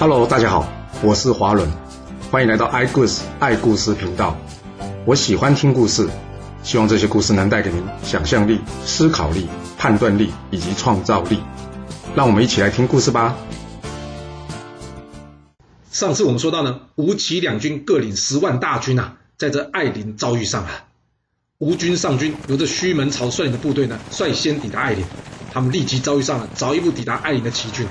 Hello，大家好，我是華倫，歡迎來到愛故事愛故事頻道。我喜歡聽故事，希望這些故事能帶給您想象力、思考力、判斷力以及創造力。讓我們一起來聽故事吧。上次我們說到呢，吳齊兩軍各領十萬大軍啊，在這艾陵遭遇上啊，吳軍上軍由這胥門巢率領的部隊呢，率先抵達艾陵，他們立即遭遇上了早一步抵達艾陵的齊軍。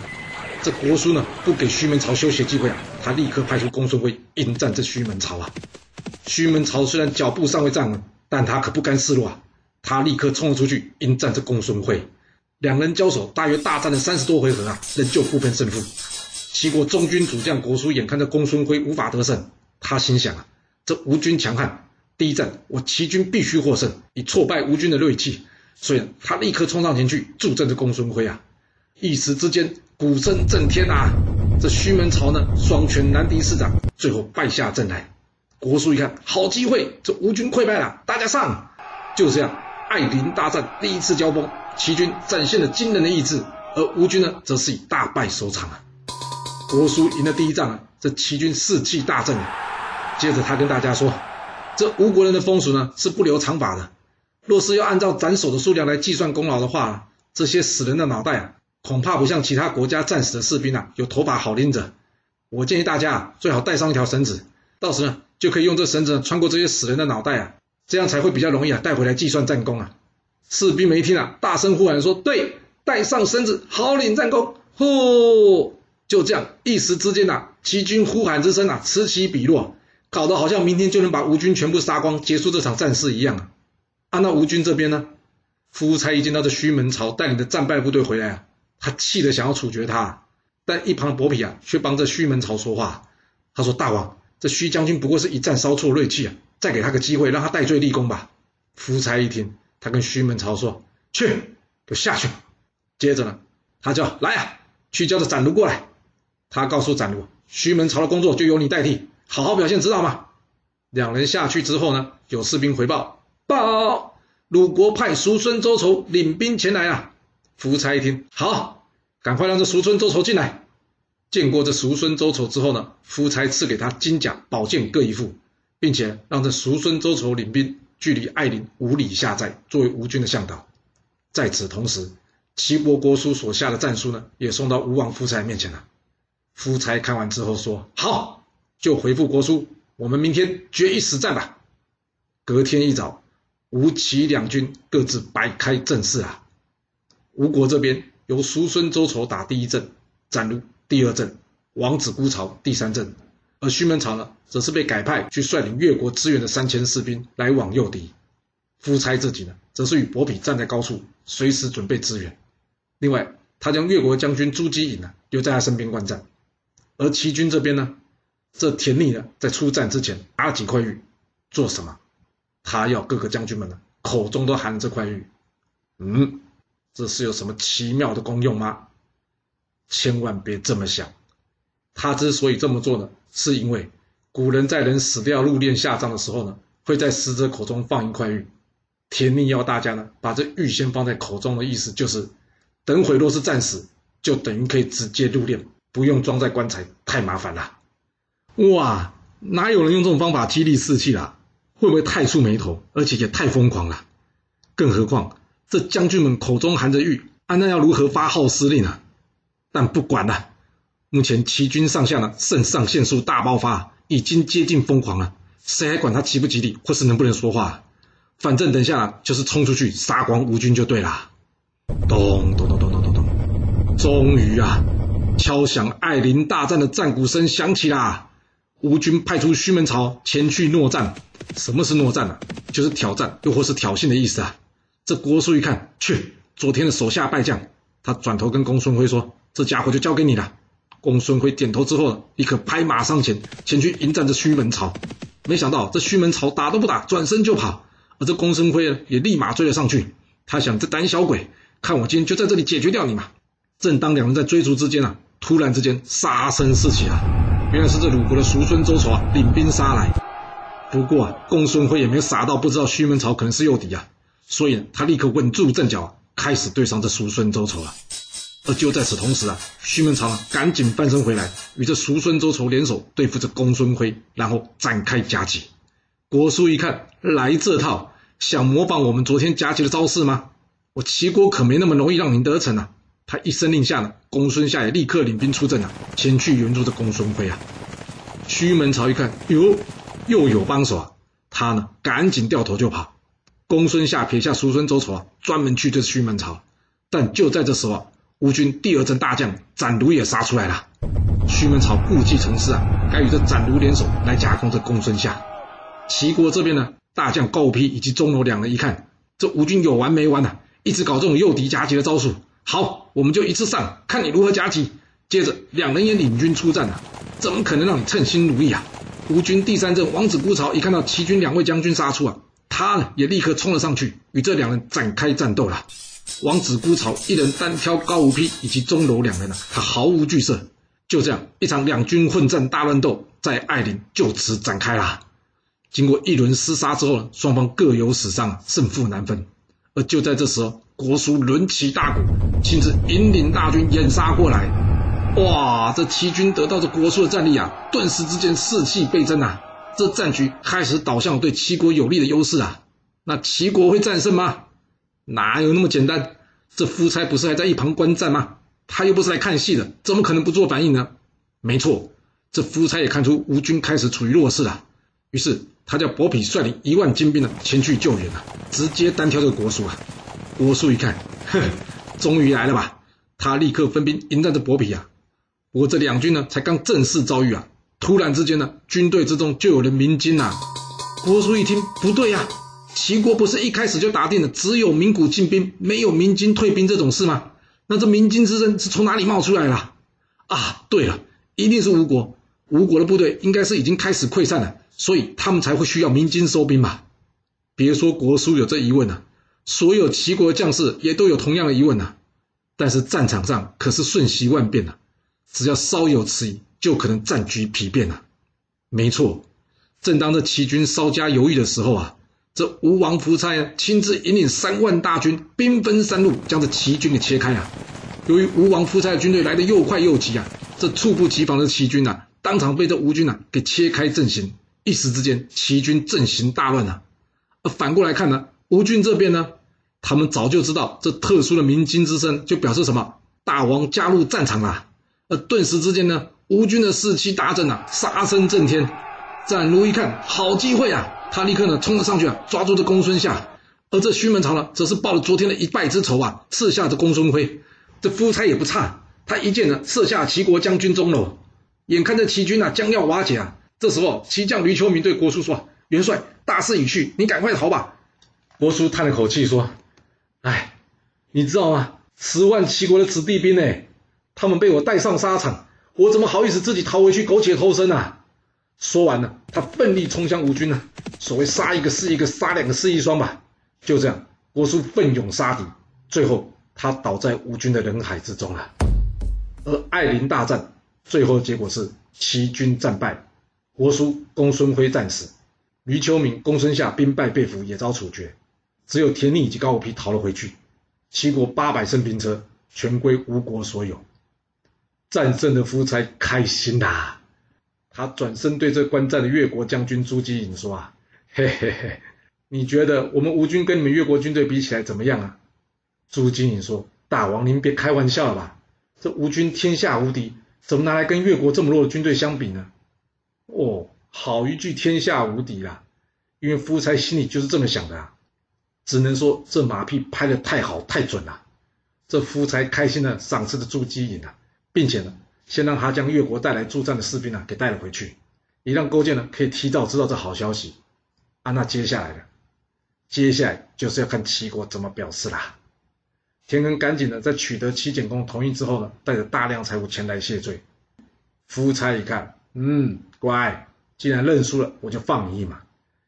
這國書呢，不給胥門巢休息機會啊，他立刻派出公孫輝迎戰這胥門巢啊。胥門巢雖然腳步尚未站穩，但他可不甘示弱啊，他立刻衝了出去迎戰這公孫輝。兩人交手，大約大戰了三十多回合啊，仍舊不分勝負。齊國中軍主將國書眼看着公孫輝無法得勝，他心想啊，這吳軍強悍，第一戰我齊軍必須獲勝，以挫敗吳軍的銳氣，所以他立刻衝上前去助陣這公孫輝啊。一時之間。鼓聲震天吶、啊！這胥門巢呢，雙拳難敵四掌，最後敗下陣來。國書一看，好機會，這吳軍潰敗了，大家上！就是、這樣，艾陵大戰第一次交鋒，齊軍展現了驚人的意志，而吳軍呢，則是以大敗收場啊。國書贏了第一仗，這齊軍士氣大振。接着他跟大家說：“這吳國人的風俗呢，是不留長髮的。若是要按照斬首的數量來計算功勞的話，這些死人的腦袋啊！”恐怕不像其他國家戰死的士兵啊，有頭髮好拎着。我建議大家啊，最好帶上一條繩子，到時呢就可以用這繩子呢穿過這些死人的腦袋啊，這樣才會比較容易啊，帶回來計算戰功啊。士兵們一聽啊，大聲呼喊說：“對，帶上繩子，好領戰功。”呼，就這樣，一時之間啊，齊軍呼喊之聲啊，此起彼落，搞得好像明天就能把吳軍全部殺光，結束這場戰事一樣啊。啊，那吳軍這邊呢，夫差已經到這胥門巢帶領的戰敗部隊回來啊。他氣得想要處決他，但一旁伯嚭啊卻幫着胥門巢說話。他說：“大王，這胥將軍不過是一戰稍挫銳氣啊，再給他個機會，讓他戴罪立功吧。”夫差一聽，他跟胥門巢說：“去，都下去。”接着呢，他就來啊，去叫他展如過來。他告訴展如：“胥門巢的工作就由你代替，好好表現，知道嗎？”兩人下去之後呢，有士兵回報：“報，魯國派叔孫州仇領兵前來啊。”夫差一聽，好，趕快讓這叔孫州仇進來。見過這叔孫州仇之後呢，夫差賜給他金甲寶劍各一副，並且讓這叔孫州仇領兵，距離艾陵五里下寨，作為吳軍的向導。在此同時，齊國國書所下的戰書呢，也送到吳王夫差面前了。夫差看完之後說：“好，就回復國書，我們明天決一死戰吧。”隔天一早，吳齊兩軍各自擺開陣勢啊。吳國這邊由叔孫州仇打第一陣，展如第二陣，王子姑曹第三陣，而胥門巢呢，則是被改派去率領越國支援的三千士兵來往誘敵。夫差自己呢，則是與伯嚭站在高處，隨時準備支援。另外，他將越國將軍諸稽郢呢，留在他身邊觀戰。而齊軍這邊呢，這田利呢，在出戰之前打了幾塊玉，做什麼？他要各個將軍們呢，口中都含著這塊玉。嗯。這是有什麼奇妙的功用嗎？千萬別這麼想。他之所以這麼做呢，是因為古人在人死掉入殮下葬的時候呢，會在死者口中放一塊玉。天命要大家呢，把這玉先放在口中的意思就是，等會若是戰死，就等於可以直接入殮，不用裝在棺材，太麻煩了。哇，哪有人用這種方法激勵士氣啊？會不會太觸霉頭？而且也太瘋狂了。更何況。這將軍們口中含着玉，安、啊、南要如何發號施令啊？但不管了、啊，目前齊軍上下呢，腎上腺素大爆發，已經接近瘋狂了。誰還管他吉不吉利，或是能不能說話？反正等下就是衝出去殺光吳軍就對了。咚咚咚咚咚咚咚，終於啊，敲響艾陵大戰的戰鼓聲響起啦！吳軍派出胥門朝前去搦戰。什麼是搦戰啊？就是挑戰，又或是挑釁的意思啊。這郭書一看，去，昨天的手下敗將。他轉頭跟公孫輝說：“這家伙就交給你了。”公孫輝點頭之後，立刻拍馬上前，前去迎戰這胥門巢。沒想到這胥門巢打都不打，轉身就跑。而這公孫輝也立馬追了上去。他想這膽小鬼，看我今天就在這裡解決掉你嘛！正當兩人在追逐之間啊，突然之間殺聲四起啊！原來是這魯國的叔孫州仇、啊、領兵殺來。不過、啊、公孫輝也沒傻到不知道胥門巢可能是誘敵啊。所以，他立刻穩住陣腳，開始對上這叔孫州仇了。而就在此同時啊，胥門巢趕緊翻身回來，與這叔孫州仇聯手對付這公孫輝，然後展開夾擊。國書一看，來這套，想模仿我們昨天夾擊的招式嗎？我齊國可沒那麼容易讓您得逞啊！他一聲令下呢，公孫夏也立刻領兵出陣啊，前去援助這公孫輝啊。胥門巢一看，喲，又有幫手啊！他呢，趕緊掉頭就跑。公孫夏撇下叔孫州仇啊，專門去追胥門巢。但就在這時候啊，吳軍第二陣大將展如也殺出來了。胥門巢故技重施啊，該與這展如聯手來夾攻這公孫夏。齊國這邊呢，大將高無丕以及宗樓兩人一看，這吳軍有完沒完吶、啊？一直搞這種誘敵夾擊的招數。好，我們就一次上，看你如何夾擊。接着，兩人也領軍出戰了、啊。怎麼可能讓你稱心如意啊？吳軍第三陣王子姑曹一看到齊軍兩位將軍殺出啊！他呢也立刻衝了上去，與這兩人展開戰鬥了。王子孤巢一人單挑高無丕以及鐘樓兩人呢、啊，他毫無懼色。就這樣，一場兩軍混戰大亂鬥在艾陵就此展開了。經過一輪廝殺之後呢，雙方各有死傷，勝負難分。而就在這時候，國書掄起大鼓親自引領大軍掩殺過來。哇，這齊軍得到這國書的戰力啊，頓時之間士氣倍增啊！這戰局開始導向對齊國有利的優勢啊！那齊國會戰勝嗎？哪有那麼簡單？這夫差不是還在一旁觀戰嗎？他又不是來看戲的，怎麼可能不做反應呢？沒錯，這夫差也看出吳軍開始處於弱勢了啊，於是他叫伯嚭率領一萬精兵呢前去救援了啊，直接單挑這個國書啊！國書一看，呵呵，終於來了吧？他立刻分兵迎戰這伯嚭啊！不過這兩軍呢才剛正式遭遇啊！突然之間呢，軍隊之中就有了鳴金吶、啊。國書一聽，不對呀、啊，齊國不是一開始就打定了只有鳴鼓進兵，沒有鳴金退兵這種事嗎？那這鳴金之聲是從哪裡冒出來啦、啊？啊，對了，一定是吳國。吳國的部隊應該是已經開始潰散了，所以他們才會需要鳴金收兵吧。別說國書有這疑問了、啊，所有齊國的將士也都有同樣的疑問吶、啊。但是戰場上可是瞬息萬變吶、啊，只要稍有遲疑。就可能戰局丕變了，沒錯。正當這齊軍稍加猶豫的時候啊，這吳王夫差親自引領三萬大軍，兵分三路，將這齊軍給切開啊。由於吳王夫差的軍隊來的又快又急啊，這猝不及防的齊軍啊，當場被這吳軍啊給切開陣型，一時之間，齊軍陣型大亂啊。而反過來看呢、啊，吳軍這邊呢，他們早就知道這特殊的鳴金之聲就表示什麼，大王加入戰場了、啊。而頓時之間呢。吳軍的士氣大振啊，殺聲震天。展如一看，好機會啊！他立刻呢衝了上去，啊，抓住這公孫夏。而這徐門超呢，則是報了昨天的一敗之仇啊！刺下這公孫揮。這夫差也不差，他一箭呢射下齊國將軍鍾樓。眼看着齊軍啊將要瓦解啊！這時候，齊將呂秋明對國書說：“元帥，大勢已去，你趕快逃吧。”國書嘆了口氣說：“哎，你知道嗎？十萬齊國的子弟兵呢、欸，他們被我帶上沙場。”我怎麼好意思自己逃回去苟且偷生啊？說完了，他奮力衝向吳軍啊，所謂殺一個是一個，殺兩個是一雙吧。就這樣，國書奮勇殺敵，最後他倒在吳軍的人海之中了。而艾陵大戰，最後的結果是齊軍戰敗，國書、公孫輝戰死，於秋明、公孫夏兵敗被俘，也遭處決。只有田逆以及高武匹逃了回去。齊國八百乘兵車全歸吳國所有。戰勝的夫差開心啦、啊，他轉身對這觀戰的越國將軍諸稽郢說：“啊，嘿嘿嘿，你覺得我們吳軍跟你們越國軍隊比起來怎麼樣啊？”諸稽郢說：“大王您別開玩笑了吧，這吳軍天下無敵，怎麼拿來跟越國這麼弱的軍隊相比呢？”哦，好一句天下無敵啦、啊，因為夫差心裡就是這麼想的啊，只能說這馬屁拍的太好太準了。這夫差開心的、啊、賞賜的諸稽郢啊。並且呢，先讓他將越國帶來助戰的士兵啊給帶了回去，以讓勾踐呢可以提早知道這好消息。啊，那接下來呢，接下來就是要看齊國怎麼表示啦。田恆趕緊的在取得齊景公同意之後呢，帶着大量財物前來謝罪。夫差一看，嗯，乖，既然認輸了，我就放你一馬。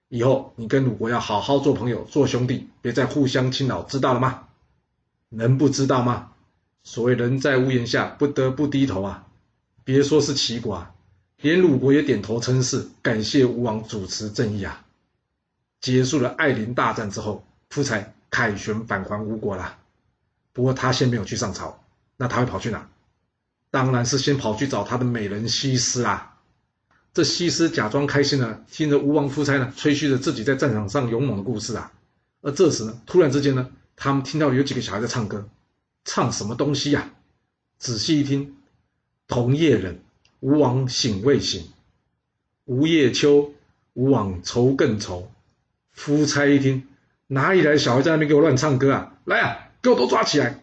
以後你跟魯國要好好做朋友、做兄弟，別再互相侵擾，知道了嗎？能不知道嗎？所謂人在屋檐下，不得不低頭啊！別說是齊國，啊，連魯國也點頭稱是，感謝吳王主持正義啊！結束了艾陵大戰之後，夫差凱旋返還吳國了。不過他先沒有去上朝，那他會跑去哪？當然是先跑去找他的美人西施啦，啊！這西施假裝開心呢，聽着吳王夫差呢吹噓着自己在戰場上勇猛的故事啊。而這時呢，突然之間呢，他們聽到有幾個小孩在唱歌。唱什麼東西呀、啊？仔細一聽，桐葉冷，吳王醒未醒；梧葉秋，吳王愁更愁。夫差一聽，哪裡來的小孩在那邊給我亂唱歌啊？來啊，給我都抓起來！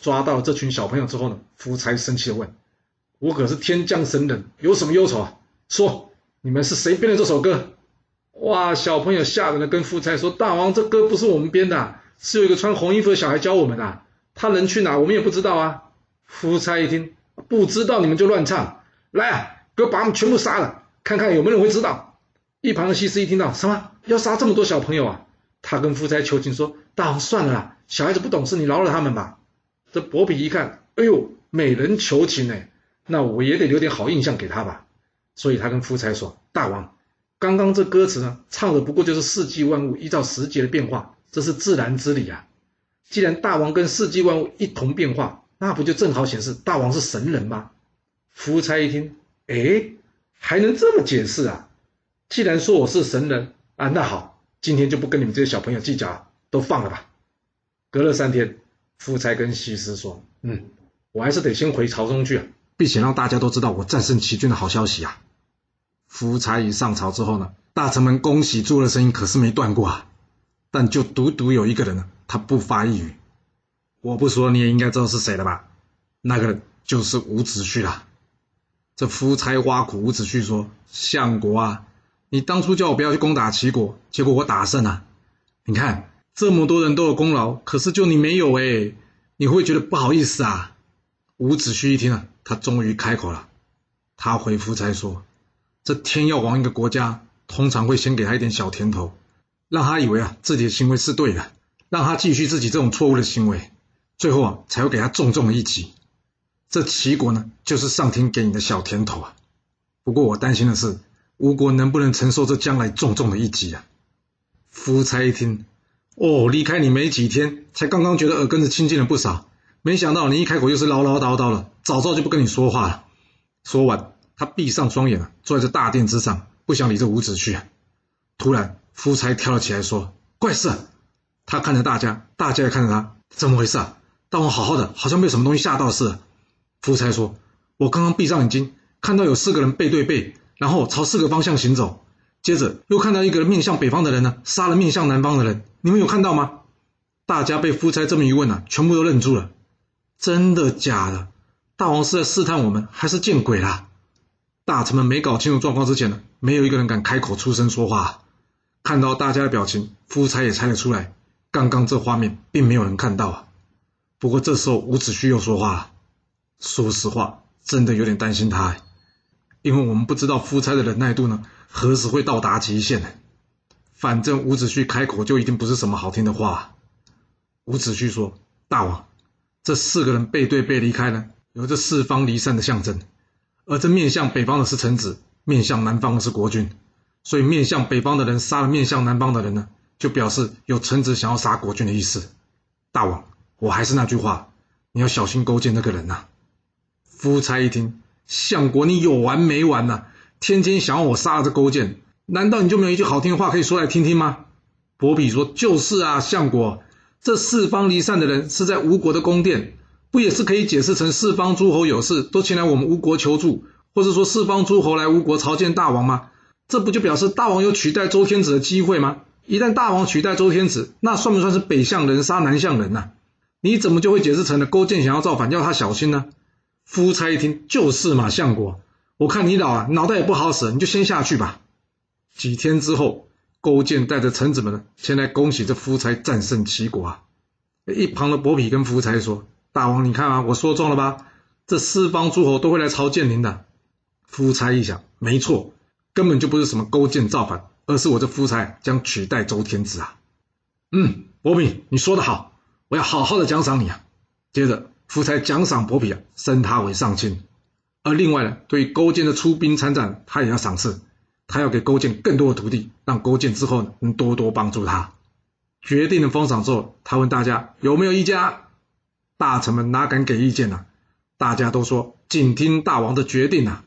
抓到了這群小朋友之後呢，夫差生氣的問：“我可是天降神人，有什麼憂愁啊？說你們是誰編的這首歌？”哇，小朋友嚇人的跟夫差說：“大王，這歌不是我們編的，是有一個穿紅衣服的小孩教我們的。”他能去哪，我們也不知道啊。夫差一聽，不知道你們就亂唱，來啊，給我把他們全部殺了，看看有沒有人會知道。一旁的西施一聽到，什麼要殺這麼多小朋友啊？他跟夫差求情說：“大王，算了啦，小孩子不懂事，你饒了他們吧。”這伯嚭一看，哎呦，美人求情呢、欸，那我也得留點好印象給他吧。所以他跟夫差說：“大王，剛剛這歌詞呢，唱的不過就是四季萬物依照時節的變化，這是自然之理啊。”既然大王跟四季萬物一同變化，那不就正好顯示大王是神人嗎？夫差一聽，哎，還能這麼解釋啊？既然說我是神人啊，那好，今天就不跟你們這些小朋友計較了，啊，都放了吧。隔了三天，夫差跟西施說：“嗯，我還是得先回朝中去啊，並且讓大家都知道我戰勝齊軍的好消息啊。”夫差一上朝之後呢，大臣們恭喜祝賀的聲音可是沒斷過啊。但就獨獨有一個人呢，他不發一語。我不說你也應該知道是誰了吧？那個人就是伍子胥啊。這夫差挖苦伍子胥說：“相國啊，你當初叫我不要去攻打齊國，結果我打勝了，啊。你看這麼多人都有功勞，可是就你沒有哎、欸，你會覺得不好意思啊？”伍子胥一聽啊，他終於開口了，他回夫差說：“這天要亡一個國家，通常會先給他一點小甜頭。”讓他以為啊，自己的行為是對的，讓他繼續自己這種錯誤的行為，最後啊，才會給他重重的一擊。這齊國呢，就是上天給你的小甜頭啊。不過我擔心的是，吳國能不能承受這將來重重的一擊啊？夫差一聽，哦，離開你沒幾天，才剛剛覺得耳根子清淨了不少，沒想到你一開口又是嘮嘮叨叨了，早知道就不跟你說話了。說完，他閉上雙眼坐在這大殿之上，不想理這伍子胥啊。突然。夫差跳了起來，說：“怪事啊！”他看着大家，大家也看着他，怎麼回事？啊？大王好好的，好像被什麼東西嚇到似的。夫差說：“我剛剛閉上眼睛，看到有四個人背對背，然後朝四個方向行走。接着又看到一個面向北方的人呢，啊，殺了面向南方的人。你們有看到嗎？”大家被夫差這麼一問呢，啊，全部都愣住了。真的假的？大王是在試探我們，還是見鬼啦？大臣們沒搞清楚狀況之前呢，沒有一個人敢開口出聲說話。看到大家的表情，夫差也猜得出來。剛剛這畫面，並沒有人看到啊。不過這時候，伍子胥又說話了、啊。說實話，真的有點擔心他、哎，因為我們不知道夫差的忍耐度呢，何時會到達極限呢？反正伍子胥開口，就已經不是什麼好聽的話、啊。伍子胥說：“大王，這四個人背對背離開呢，有著四方離散的象徵。而這面向北方的是臣子，面向南方的是國君。”所以面向北方的人殺了面向南方的人呢，就表示有臣子想要殺國君的意思。大王，我還是那句話，你要小心勾踐那個人吶、啊。夫差一聽，相國，你有完沒完吶、啊？天天想要我殺了這勾踐，難道你就沒有一句好聽話可以說來聽聽嗎？伯嚭說：“就是啊，相國，這四方離散的人是在吳國的宮殿，不也是可以解釋成四方諸侯有事都前來我們吳國求助，或者說四方諸侯來吳國朝見大王嗎？”這不就表示大王有取代周天子的機會嗎？一旦大王取代周天子，那算不算是北向人殺南向人啊？你怎麼就會解釋成了勾踐想要造反，要他小心呢？夫差一聽，就是嘛，相國，我看你老啊，腦袋也不好使，你就先下去吧。幾天之後，勾踐帶着臣子們前來恭喜這夫差戰勝齊國啊。一旁的伯嚭跟夫差說：“大王，你看啊，我說中了吧？這四方諸侯都會來朝見您的。”夫差一想，沒錯。根本就不是什麼勾踐造反，而是我這夫差將取代周天子啊！嗯，伯嚭，你說得好，我要好好的獎賞你啊！接着，夫差獎賞伯嚭啊，升他為上卿。而另外呢，對於勾踐的出兵參戰，他也要賞賜，他要給勾踐更多的土地，讓勾踐之後呢能多多幫助他。決定了封賞之後，他問大家有沒有意見？大臣們哪敢給意見呢、啊？大家都說謹聽大王的決定啊！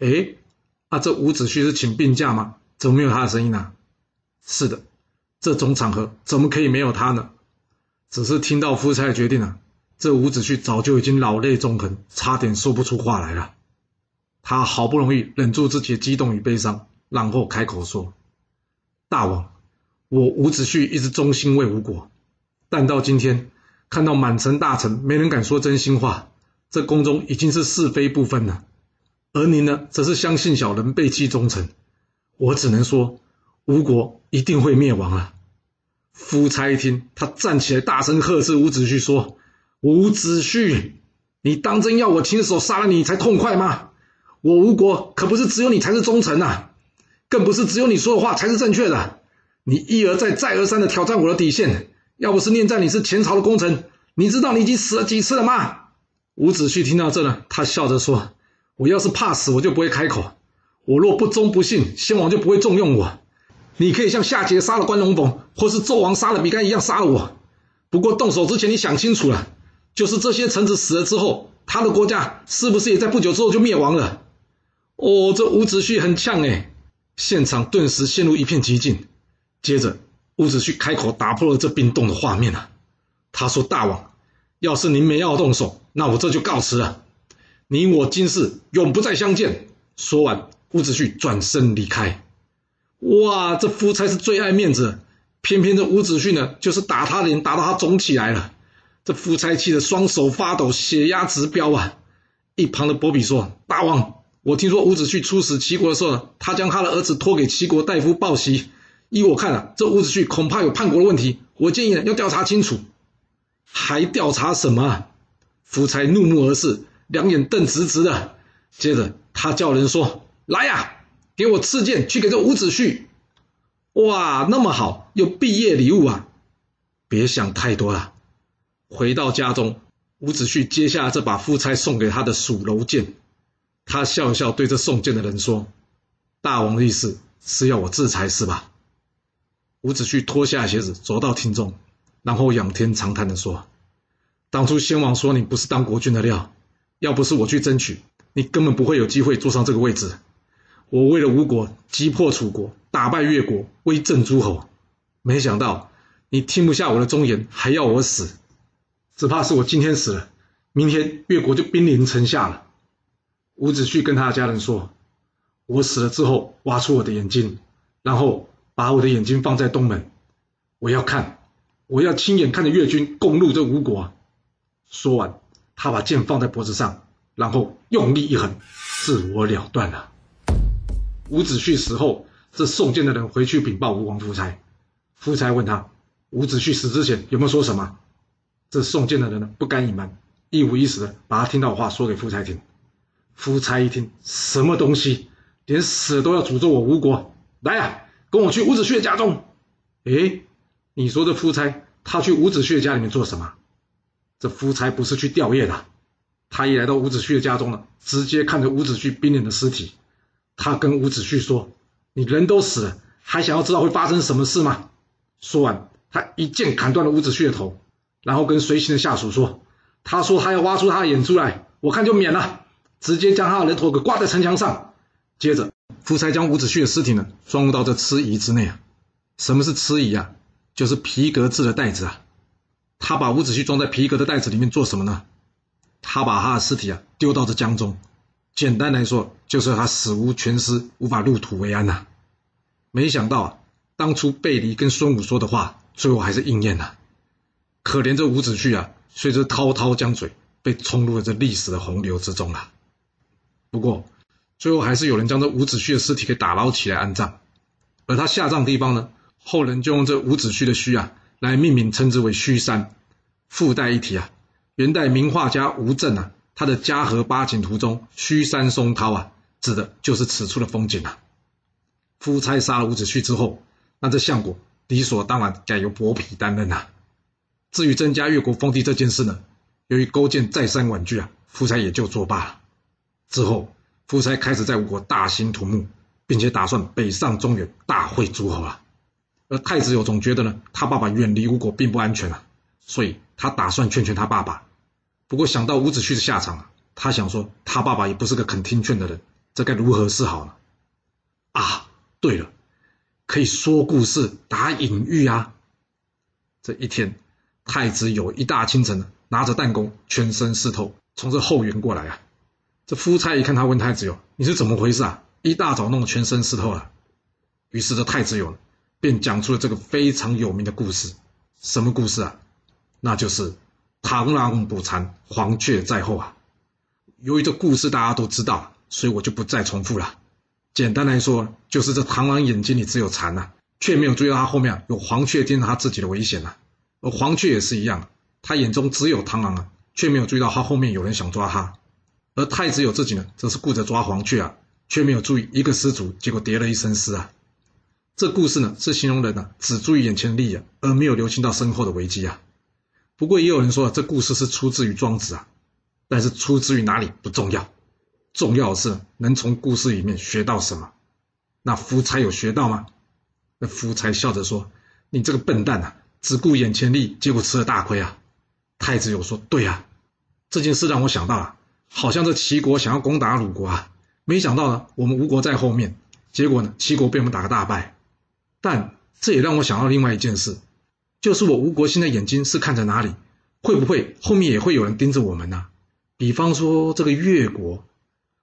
哎。啊，這伍子胥是請病假嗎？怎麼沒有他的聲音呢、啊？是的，這種場合怎麼可以沒有他呢？只是聽到夫差的決定啊，這伍子胥早就已經老淚縱橫，差點說不出話來了。他好不容易忍住自己的激動與悲傷，然後開口說：“大王，我伍子胥一直忠心為吳國，但到今天看到滿城大臣沒人敢說真心話，這宮中已經是是非不分了。”而您呢，則是相信小人背棄忠誠。我只能說，吳國一定會滅亡啊！夫差一聽，他站起來，大聲呵斥伍子胥說：“伍子胥，你當真要我親手殺了你才痛快嗎？我吳國可不是只有你才是忠臣啊，更不是只有你說的話才是正確的。你一而再、再而三的挑戰我的底線，要不是念在你是前朝的功臣，你知道你已經死了幾次了嗎？”伍子胥聽到這呢，他笑着說。我要是怕死，我就不會開口；我若不忠不信，先王就不會重用我。你可以像夏桀殺了關龍逢，或是紂王殺了比干一樣殺了我。不過動手之前，你想清楚了，就是這些臣子死了之後，他的國家是不是也在不久之後就滅亡了？哦，這伍子胥很嗆哎、欸，現場頓時陷入一片寂靜。接着，伍子胥開口打破了這冰凍的畫面啊，他說：“大王，要是您沒要動手，那我這就告辭了。”你我今世永不再相見。說完，伍子胥轉身離開。哇，這夫差是最愛面子，偏偏這伍子胥呢，就是打他臉，打到他腫起來了。這夫差氣得雙手發抖，血壓直飆啊！一旁的伯嚭說：“大王，我聽說伍子胥出使齊國的時候呢，他將他的兒子托給齊國大夫報喜。依我看啊，這伍子胥恐怕有叛國的問題。我建議呢，要調查清楚。”還調查什麼啊？夫差怒目而視。兩眼瞪直直的，接着他叫人說：“來呀、啊，給我賜劍，去給這伍子胥。”哇，那麼好，有畢業禮物啊！別想太多了。回到家中，伍子胥接下這把夫差送給他的屬鏤劍，他笑笑對這送劍的人說：“大王的意思是要我自裁是吧？”伍子胥脫下鞋子，走到廳中，然後仰天長嘆的說：“當初先王說你不是當國君的料。”要不是我去爭取，你根本不會有機會坐上這個位置。我為了吳國，擊破楚國，打敗越國，威震諸侯。沒想到你聽不下我的忠言，還要我死。只怕是我今天死了，明天越國就兵臨城下了。伍子胥跟他的家人說：“我死了之後，挖出我的眼睛，然後把我的眼睛放在東門，我要看，我要親眼看着越軍攻入這吳國。”說完。他把劍放在脖子上，然後用力一橫，自我了斷了。伍子胥死後，這送劍的人回去稟報吳王夫差。夫差問他：“伍子胥死之前有沒有說什麼？”這送劍的人呢，不敢隱瞞，一五一十的把他聽到的話說給夫差聽。夫差一聽，什麼東西，連死都要詛咒我吳國？來呀，跟我去伍子胥的家中。誒，你說這夫差，他去伍子胥的家裡面做什麼？這夫差不是去弔唁的，他一來到伍子胥的家中了，直接看着伍子胥冰冷的屍體，他跟伍子胥說：“你人都死了，還想要知道會發生什麼事嗎？”說完，他一劍砍斷了伍子胥的頭，然後跟隨行的下屬說：“他說他要挖出他的眼珠來，我看就免了，直接將他的人頭給掛在城牆上。”接着，夫差將伍子胥的屍體呢裝入到這鴟夷之內啊。什麼是鴟夷啊？就是皮革制的袋子啊。他把伍子胥裝在皮革的袋子裡面做什麼呢？他把他的屍體啊丟到這江中，簡單來說就是他死無全屍，無法入土為安吶、啊。沒想到啊，當初背離跟孫武說的話，最後還是應驗了、啊。可憐這伍子胥啊，隨着滔滔江水被沖入了這歷史的洪流之中啊。不過最後還是有人將這伍子胥的屍體給打撈起來安葬，而他下葬的地方呢，後人就用這伍子胥的胥啊，來命名，稱之為虛山。附帶一提啊，元代名畫家吳鎮啊，他的《嘉禾八景圖》中“虛山松濤”啊，指的就是此處的風景啊。夫差殺了伍子胥之後，那這相國理所當然改由伯嚭擔任啊。至於增加越國封地這件事呢，由於勾踐再三婉拒啊，夫差也就作罷了。之後，夫差開始在吳國大興土木，並且打算北上中原大會諸侯啊。而太子友總覺得呢，他爸爸遠離吳國並不安全啊，所以他打算勸勸他爸爸。不過想到伍子胥的下場啊，他想說他爸爸也不是個肯聽勸的人，這該如何是好呢？啊，對了，可以說故事打隱喻啊。這一天，太子友一大清晨呢，拿着彈弓，全身濕透，從這後園過來啊。這夫差一看他，問太子友：“你是怎麼回事啊？一大早弄得全身濕透了，啊。”於是這太子友了便講出了這個非常有名的故事，什麼故事啊？那就是螳螂捕蟬，黃雀在後啊。由於這故事大家都知道，所以我就不再重複了。簡單來說，就是這螳螂眼睛裡只有蟬吶、啊，卻沒有注意到它後面有黃雀盯着它自己的危險吶、啊。而黃雀也是一樣，它眼中只有螳螂啊，卻沒有注意到它後面有人想抓它。而太子有自己呢，則是顧着抓黃雀啊，卻沒有注意一個失足，結果跌了一身濕啊。這故事呢，是形容人呢只注意眼前利益啊，而沒有留心到身後的危機啊。不過也有人說，這故事是出自於莊子啊，但是出自於哪裡不重要，重要的是能從故事裡面學到什麼。那夫差有學到嗎？那夫差笑着說：“你這個笨蛋啊，只顧眼前利益，結果吃了大虧啊。”太子又說：“對啊，這件事讓我想到了，好像這齊國想要攻打魯國啊，沒想到呢，我們吳國在後面，結果呢，齊國被我們打個大敗。”但這也讓我想到另外一件事，就是我吳國新的眼睛是看在哪裡？會不會後面也會有人盯着我們呢、啊？比方說這個越國，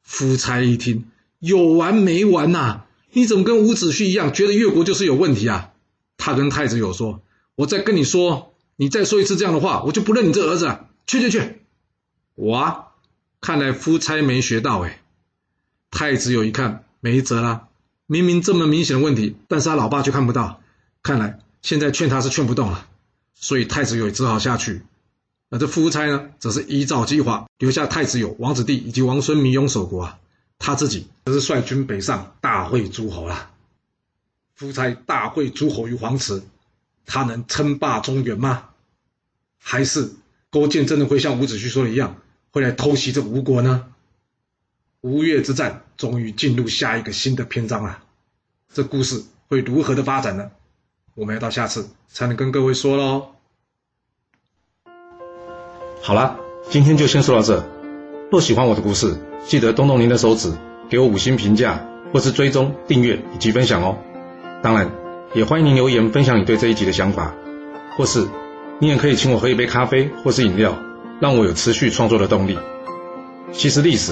夫差一聽，有完沒完吶、啊？你怎麼跟伍子胥一樣，覺得越國就是有問題啊？他跟太子友說：“我再跟你說，你再說一次這樣的話，我就不認你這個兒子了。”去去去，我啊，看來夫差沒學到哎、欸。太子友一看，沒轍了。明明這麼明顯的問題，但是他老爸卻看不到，看來現在勸他是勸不動了，所以太子友也只好下去。而這夫差呢，則是依照計劃，留下太子友、王子弟以及王孫彌庸守國啊，他自己則是率軍北上大會諸侯了。夫差大會諸侯於黃池，他能稱霸中原嗎？還是勾踐真的會像伍子胥說的一樣，會來偷襲這吳國呢？吳越之戰終於進入下一個新的篇章了！這故事會如何的發展呢？我們要到下次才能跟各位說嘍。好啦，今天就先說到這。若喜歡我的故事，記得動動您的手指，給我五星評價，或是追蹤、訂閱以及分享哦。當然，也歡迎您留言分享你對這一集的想法，或是你也可以請我喝一杯咖啡或是飲料，讓我有持續創作的動力。其實歷史。